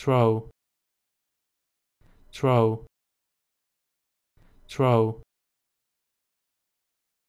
throw throw throw